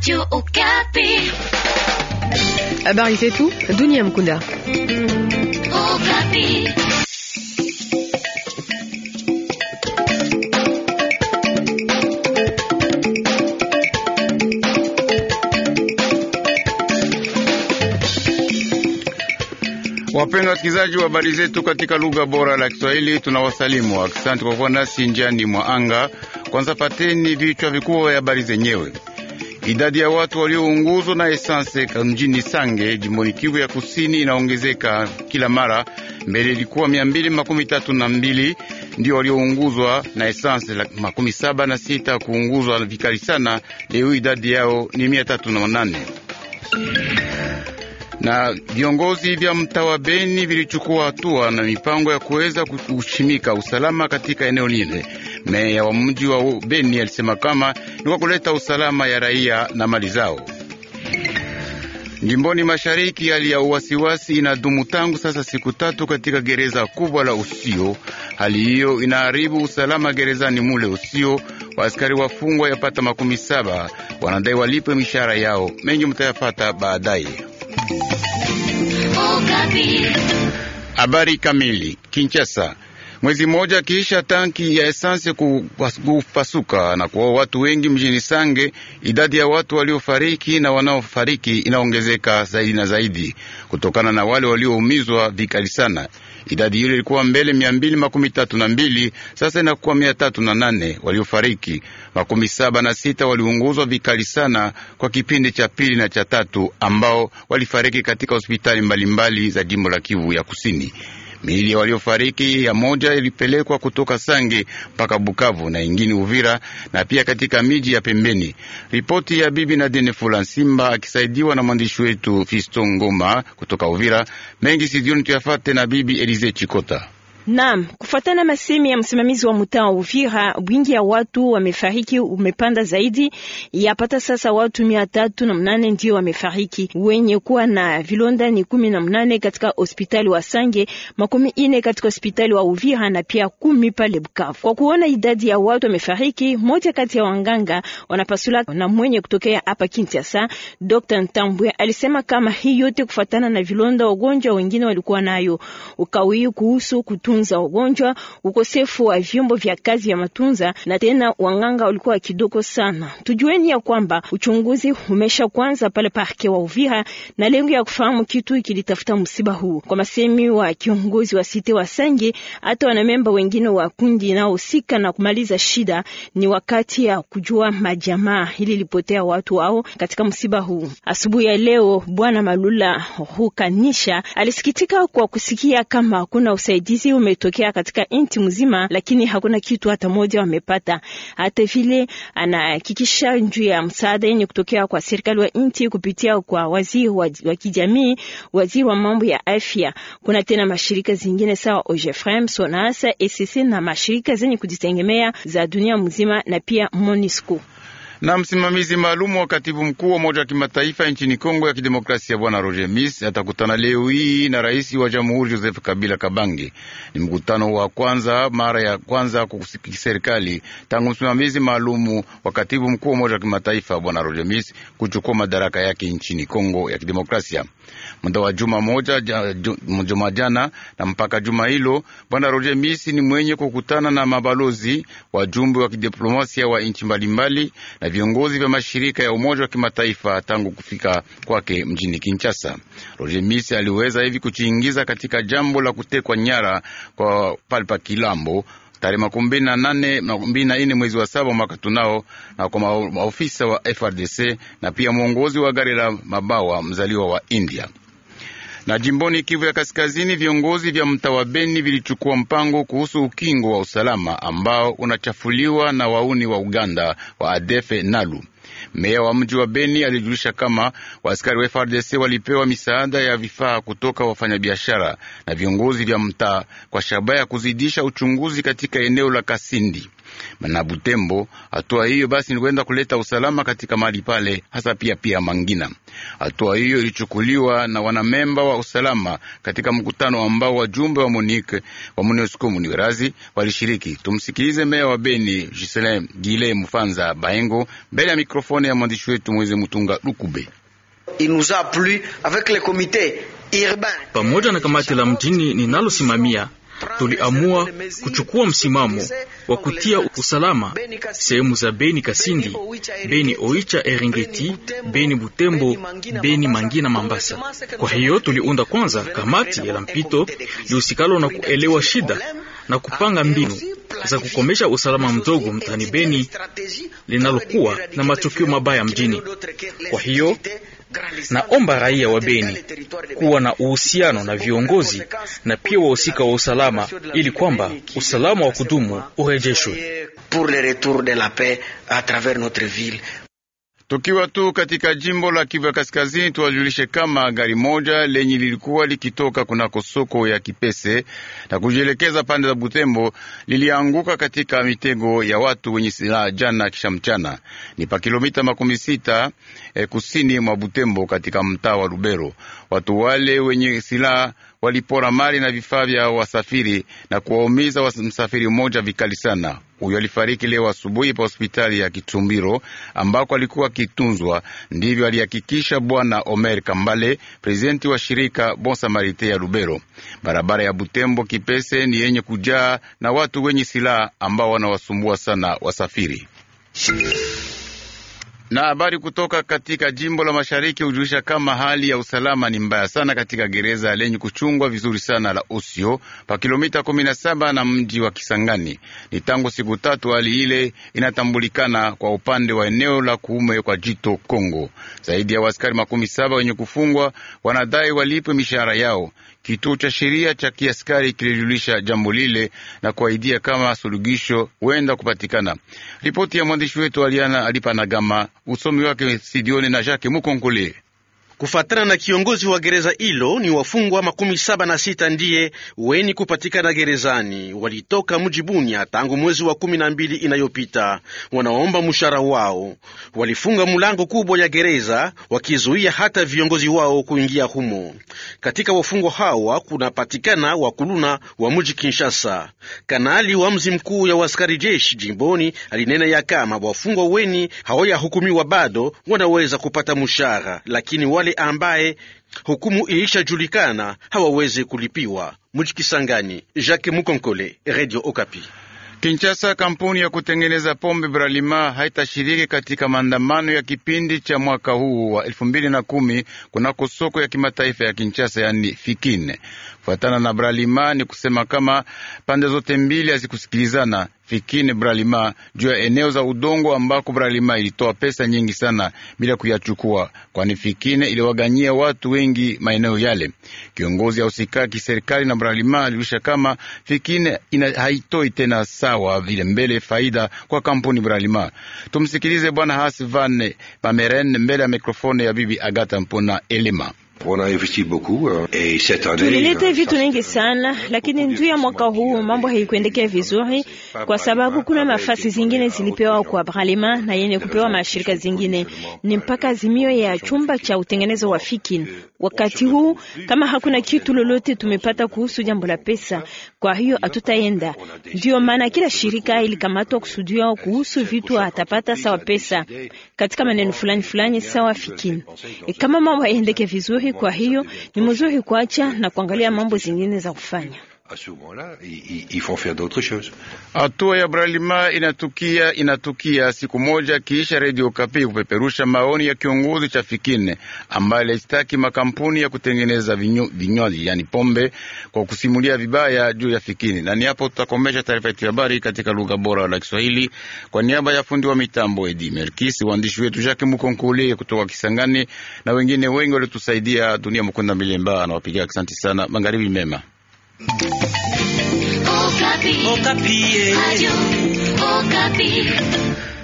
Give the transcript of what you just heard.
Radio Okapi. Habari ah zetu dunia mkunda. Okapi. Wapenda wasikilizaji wa habari zetu katika lugha bora la Kiswahili, tunawasalimu. Asante kwa kuwa nasi njiani mwa anga. Kwanza pateni vichwa vikubwa vya habari zenyewe. Idadi ya watu waliounguzwa na esanse mjini Sange jimboni Kivu ya kusini inaongezeka kila mara. Mbele ilikuwa mia mbili makumi tatu na mbili ndio waliounguzwa na esanse, makumi saba na sita kuunguzwa vikali sana. Leo idadi yao ni mia tatu na nane na viongozi vya mtaa wa Beni vilichukua hatua na mipango ya kuweza kushimika usalama katika eneo lile. Meya wa mji wa Beni alisema kama ni kwa kuleta usalama ya raia na mali zao. Jimboni mashariki hali ya uwasiwasi inadumu tangu sasa siku tatu katika gereza kubwa la Usio. Hali hiyo inaharibu usalama gerezani mule Usio. Waaskari wafungwa yapata makumi saba wanadai walipe mishahara yao. Mengi mutayafata baadaye. Oh, Habari kamili Kinshasa mwezi mmoja kisha tanki ya esanse kupasuka na kuua watu wengi mjini Sange, idadi ya watu waliofariki na wanaofariki inaongezeka zaidi na zaidi kutokana na wale walioumizwa vikali sana. Idadi hiyo ilikuwa mbele mia mbili makumi tatu na mbili sasa inakuwa mia tatu na nane waliofariki, makumi saba na sita waliunguzwa vikali sana kwa kipindi cha pili na cha tatu, ambao walifariki katika hospitali mbalimbali mbali za jimbo la Kivu ya Kusini. Miili ya waliofariki ya moja ilipelekwa kutoka Sange mpaka Bukavu na ingine Uvira na pia katika miji ya pembeni. Ripoti ya bibi Nadine Simba akisaidiwa na mwandishi wetu Fisto Ngoma kutoka Uvira. Mengi sidioni tuyafate na bibi Elize Chikota. Naam, kufuatana na semi ya msimamizi wa mtaa wa Uvira, wingi ya watu wamefariki umepanda zaidi, yapata sasa watu mia tatu na mnane ndio wamefariki, wenye kuwa na vilonda ni kumi na mnane katika hospitali wa Sange, makumi ine katika hospitali wa Uvira na pia kumi pale Bukavu. Kwa kuona idadi ya watu wamefariki, moja kati ya wanganga wanapasula na mwenye kutokea hapa Kinshasa, Dr. Ntambwe alisema kama hii yote kufuatana na vilonda wagonjwa wengine walikuwa nayo ukawii kuhusu kutu matunza wagonjwa, ukosefu wa vyombo vya kazi ya matunza na tena wanganga walikuwa kidogo sana. Tujueni ya kwamba uchunguzi umesha kwanza pale parke wa Uvira na lengo ya kufahamu kitu kilitafuta msiba huu. Kwa masemi wa kiongozi wa site wa Sangi, hata wanamemba wengine wa kundi inaohusika na kumaliza shida, ni wakati ya kujua majamaa ili lipotea watu wao katika msiba huu. Asubuhi ya leo Bwana Malula hukanisha alisikitika kwa kusikia kama hakuna usaidizi umetokea katika nchi mzima, lakini hakuna kitu hata moja wamepata. Hata vile anahakikisha juu ya msaada yenye kutokea kwa serikali wa nchi kupitia kwa waziri wa, wa kijamii, waziri wa mambo ya afya. Kuna tena mashirika zingine sawa OGFREM, SONASA, ECC na mashirika zenye kujitegemea za dunia mzima na pia MONUSCO na msimamizi maalum wa katibu mkuu wa Umoja wa Kimataifa nchini Kongo ya Kidemokrasia, Bwana Roger mis atakutana leo hii na rais wa jamhuri Joseph Kabila Kabange. Ni mkutano wa kwanza mara ya kwanza kiserikali serikali tangu msimamizi maalum wa katibu mkuu wa Umoja wa Kimataifa Bwana Roger Mis kuchukua madaraka yake nchini Kongo ya Kidemokrasia muda wa juma moja juma jana na mpaka juma hilo. Bwana Roger Miss ni mwenye kukutana na mabalozi, wajumbe wa kidiplomasia wa nchi mbalimbali na viongozi vya mashirika ya Umoja wa Kimataifa tangu kufika kwake mjini Kinshasa. Roger Misi aliweza hivi kujiingiza katika jambo la kutekwa nyara kwa palpa Kilambo tarehe makumi mbili na nane makumi mbili na ine mwezi wa saba mwaka tunao, na kwa maofisa wa FRDC na pia mwongozi wa gari la mabawa mzaliwa wa India. Na jimboni Kivu ya Kaskazini, viongozi vya mtaa wa Beni vilichukua mpango kuhusu ukingo wa usalama ambao unachafuliwa na wauni wa Uganda wa Adefe Nalu. Meya wa mji wa Beni alijulisha kama waaskari wa frdc walipewa misaada ya vifaa kutoka wafanyabiashara na viongozi vya mtaa kwa shabaha ya kuzidisha uchunguzi katika eneo la Kasindi na Butembo. Hatua hiyo basi ni kwenda kuleta usalama katika mahali pale, hasa pia pia Mangina. Hatua hiyo ilichukuliwa na wanamemba wa usalama katika mkutano ambao wajumbe wa Monique wa MONUSCO Munirazi walishiriki. Tumsikilize meya wa Beni Giselin Gile Mufanza Baengo mbele ya mikrofoni ya mwandishi wetu Mweze Mutunga Lukube. Pamoja na kamati la mjini ninalosimamia tuliamua kuchukua msimamo wa kutia usalama sehemu za Beni Kasindi, Beni Oicha, Eringeti, Beni Butembo, Beni Mangi na Mambasa. Kwa hiyo tuliunda kwanza kamati ya mpito lihusikalo na kuelewa shida na kupanga mbinu za kukomesha usalama mdogo mtani Beni linalokuwa na matukio mabaya mjini. Kwa hiyo Naomba raia wa Beni kuwa na uhusiano na viongozi na pia wahusika wa usalama ili kwamba usalama wa kudumu urejeshwe. Tukiwa tu katika jimbo la Kivu ya Kaskazini, tuwajulishe kama gari moja lenye lilikuwa likitoka kunako soko ya Kipese na kujielekeza pande za Butembo lilianguka katika mitego ya watu wenye silaha jana kisha mchana, ni pa kilomita makumi sita eh, kusini mwa Butembo katika mtaa wa Lubero. Watu wale wenye silaha walipora mali na vifaa vya wasafiri na kuwaumiza msafiri mmoja vikali sana huyo alifariki leo asubuhi pa hospitali ya Kitumbiro ambako alikuwa akitunzwa. Ndivyo alihakikisha Bwana Omer Kambale, prezidenti wa shirika Bon Samarite ya Lubero. Barabara ya Butembo Kipese ni yenye kujaa na watu wenye silaha ambao wanawasumbua sana wasafiri. Na habari kutoka katika jimbo la mashariki hujulisha kama hali ya usalama ni mbaya sana katika gereza lenye kuchungwa vizuri sana la Usio pa kilomita 17 na mji wa Kisangani. Ni tangu siku tatu hali ile inatambulikana kwa upande wa eneo la kuume kwa jito Kongo. Zaidi ya waskari makumi saba wenye kufungwa wanadai walipwe mishahara yao. Kituo cha sheria cha kiaskari kilijulisha jambo lile na kuahidia kama suluhisho huenda kupatikana. Ripoti ya mwandishi wetu Aliana Alipanagama Usomi wake studioni na Jacques Mukonkole. Kufatana na kiongozi wa gereza hilo, ni wafungwa makumi saba na sita ndiye weni kupatikana gerezani, walitoka mujibunya tangu mwezi wa kumi na mbili inayopita. Wanaomba mshahara wao. Walifunga mlango kubwa ya gereza, wakizuia hata viongozi wao kuingia humo. Katika wafungwa hawa kunapatikana wakuluna wa muji Kinshasa. Kanali wa mzi mkuu ya waskari jeshi jimboni alinena ya kama wafungwa weni hawayahukumiwa bado wanaweza kupata mshahara, lakini wale wale ambaye hukumu ilishajulikana hawawezi kulipiwa. Mujikisangani, Jacques Mukonkole, Radio Okapi. Kinshasa, kampuni ya kutengeneza pombe Bralima haitashiriki katika maandamano ya kipindi cha mwaka huu wa elfu mbili na kumi kunako soko ya kimataifa ya Kinshasa, yani Fikine. Kufuatana na Bralima ni kusema kama pande zote mbili hazikusikilizana Fikine Bralima juu ya eneo za udongo ambako Bralima ilitoa pesa nyingi sana bila kuyachukua, kwani Fikine iliwaganyia watu wengi maeneo yale. Kiongozi ya usika kiserikali na Bralima alirusha kama Fikine ina haitoi tena sawa vile mbele faida kwa kampuni Bralima. Tumsikilize Bwana Hasi Van Bameren mbele ya mikrofone ya Bibi Agata Mpona Elema wanainvesti beaucoup tulileta euh, vitu nyingi sana, lakini ndio ya mwaka huu mambo haikuendekea vizuri, kwa sababu kuna mafasi zingine zilipewa kwa Bralima na yenye kupewa mashirika zingine, ni mpaka azimio ya chumba cha utengenezo wa fikin. Wakati huu kama hakuna kitu lolote tumepata kuhusu jambo la pesa, kwa hiyo hatutaenda. Ndio maana kila shirika ilikamatwa kusudiwa kuhusu vitu atapata sawa pesa katika maneno fulani fulani sawa fikin. E, kama mambo haendeke vizuri kwa hiyo ni mzuri kuacha na kuangalia mambo zingine za kufanya à ce moment-là ils font faire d'autres choses. Hatua ya Bralima inatukia inatukia siku moja kiisha Radio Kapi kupeperusha maoni ya kiongozi cha Fikine ambaye alistaki makampuni ya kutengeneza vinywaji yani pombe kwa kusimulia vibaya juu ya Fikine. Na ni hapo tutakomesha taarifa yetu ya habari katika lugha bora la Kiswahili kwa niaba ya fundi wa mitambo Edi Merkis, waandishi wetu Jacques Mukonkoli kutoka Kisangani na wengine wengi waliotusaidia. Dunia Mukunda Milemba anawapigia asante sana. Magharibi mema. Okapi. Okapi. Eh.